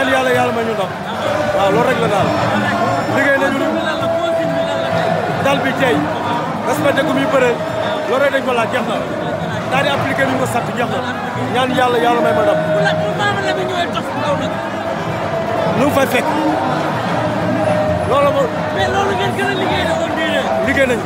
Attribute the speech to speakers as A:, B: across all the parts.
A: ñaan yàlla yàlla may ñu ndam waaw loolu daal liggéey nañu dal bi tey respecté ko muy bëreel loolu rek dañ jeex na daal di ñu ko sant jeex ñaan yàlla yàlla may ma ndam. fay fekk. loolu moom. mais loolu ngeen gën a liggéey da liggéey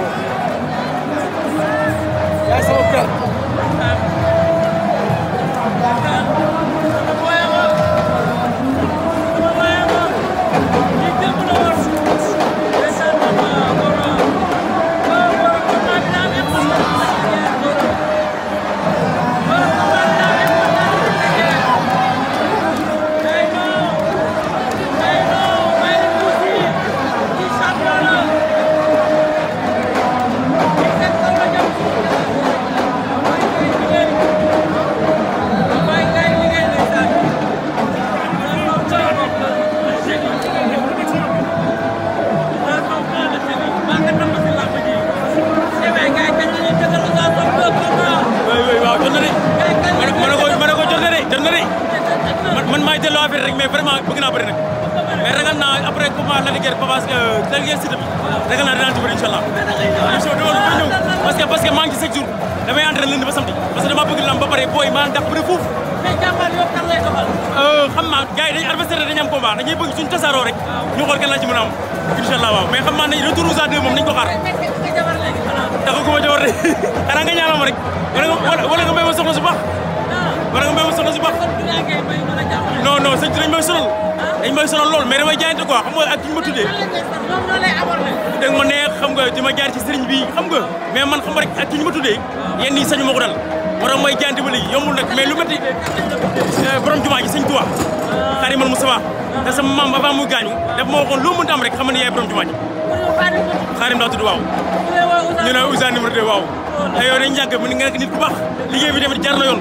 A: jël loo affaire rek mais vraiment bëgg naa bëri nag ragal naa après combat la guerre papa euh, la guerre site ragal naa dinaa ci bëri incha allah. émission bi dama ñëw parce que parce maa ngi ci chaque jour damay entraîné lundi ba samedi parce que dama ba euh, a am incha allah waaw mais xam naa ne retour aux ko xaar. taxaguma jabar de xanaa nga ñaanal ma rek wala wala nga ma soxla su wala nga may ma sonal si bopp non non sëñ dañ may sonal dañ may sonal lool mais damay jaayante quoi xam nga ak ki ñu ma tuddee dag ma neex xam nga di ma jaar ci sëriñ bi xam nga mais man xam rek ak ñu ma tuddee yenn yi sañu ma dal moo may jaayante ba léegi yombul nag mais lu métti borom jumaa ji sëñ Tuubaa xarit man Moussa te sama maam avant muy gaañu daf ma waxoon loo mënta am rek xam ne yaay borom jumaa ji xaarim daa tudd waaw ñu ne Ousa numéro 2 waaw te yow dañ mu ngi nekk nit ku baax liggéey bi tamit jar na yoon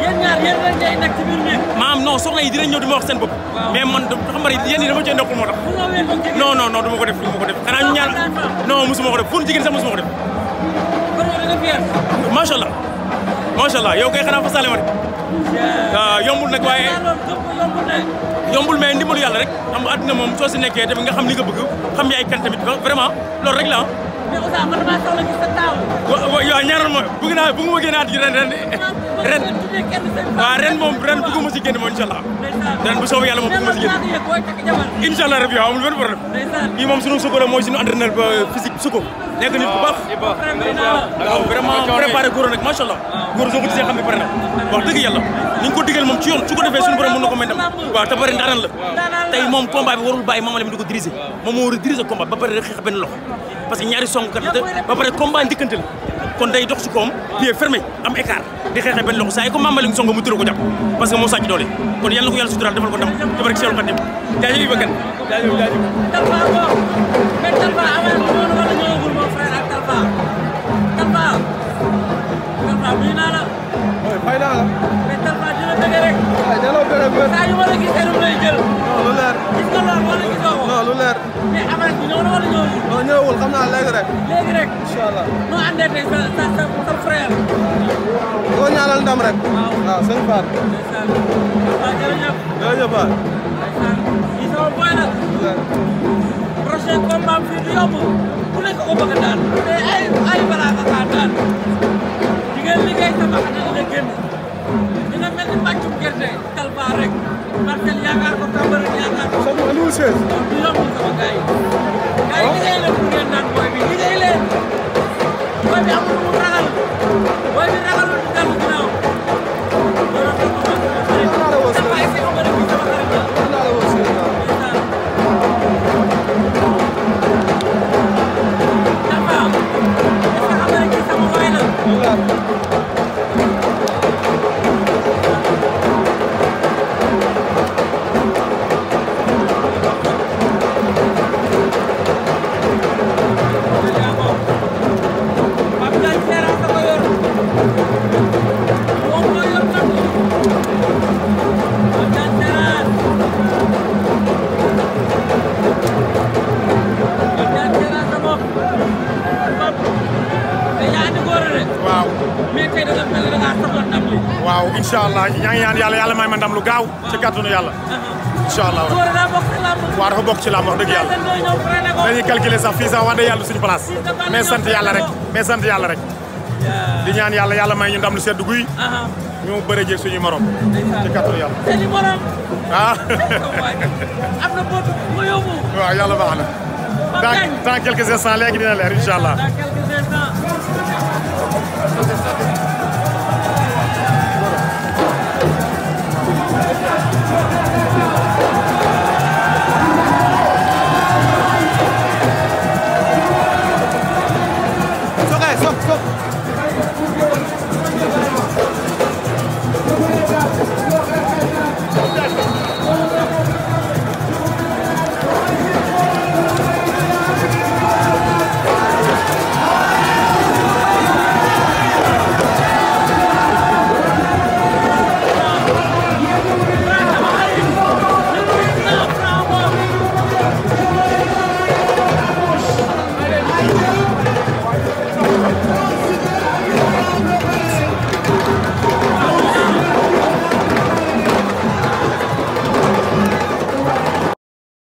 A: yéen ñaar yéen maam non soxna yi dinañ ñëw di seen bopp. mais man xam nga yéen ñi dama cee nekkul moo tax. non non du ma ko def du ma ko def. xanaa ñu ñaar non mosuma ko def pour jigéen sax mosuma ko def. macha allah macha allah yow kay xanaa fa ah, yombul nag waaye yombul mais ndimbalu yàlla rek xam nga àddina moom soo si nekkee tamit nga xam li nga bëgg xam yaay kan tamit vraiment loolu rek la ah. wa wa yow ñaanal ma bëgg naa bëgg ma génnaat ji ren ren waaw ah, ren moom ren bëgguma si génn moom incha allah ren bu soobee yàlla moom bëgguma si génn incha rabbi waaw amul benn problème kii moom sunu suko la mooy sunu entraîneur ba physique suko nekk nit bu baax waaw nag macha allah soo ko gisee xam ne pare na wax dëgg yàlla li nga ko digal moom ci yoon su ko defee suñu borom mën na ko may dem waaw te la tey moom combat bi warul bàyyi Mama Lamine di ko diriger moom moo war a diriger combat ba pare benn loxo parce que ñaari song kat ba pare combat njëkkante la kon day dox ci koom pied fermé am écart di xeex benn loxo saa ko Mama Lamine song mu tëral ko jàpp parce que moo sàcc doole kon yàlla ko yàlla sutural defal ko ndam te barke Seexul Xadiim bëgg rek. waaye delloo bëre bëre. saa yu ma la gisee dama lay jël. non lu leer. gis nga loolu wala gisoo ko. non lu leer. Eh, mais avance bi ñëw na wala ñëwul. non ñëwul xam naa léegi rek. léegi rek. incha allah noo àndee tey sa sa sa sa frère. koo ñaanal ndam rek. waaw waaw sëñ Fall. waaw jërëjëf. jërëjëf Fall. sama boy la. prochain combat fii du yomb ku nekk ko bëgg daal. poussé. incha allah ñaa ngi ñaan may ma ndam lu gaaw ci kàttanu yàlla incha allah waaw dafa bokk ci làmb wax dëgg yàlla dañuy calculer sax fii sax wax dëgg yàlla si place mais sant yàlla rek mais sant yàlla rek di ñaan yàlla yàlla may ñu ndam lu sedd guy ñu bëre jeeg suñu morom ci kàttanu yàlla ah waaw yàlla baax na quelques instants léegi dina leer incha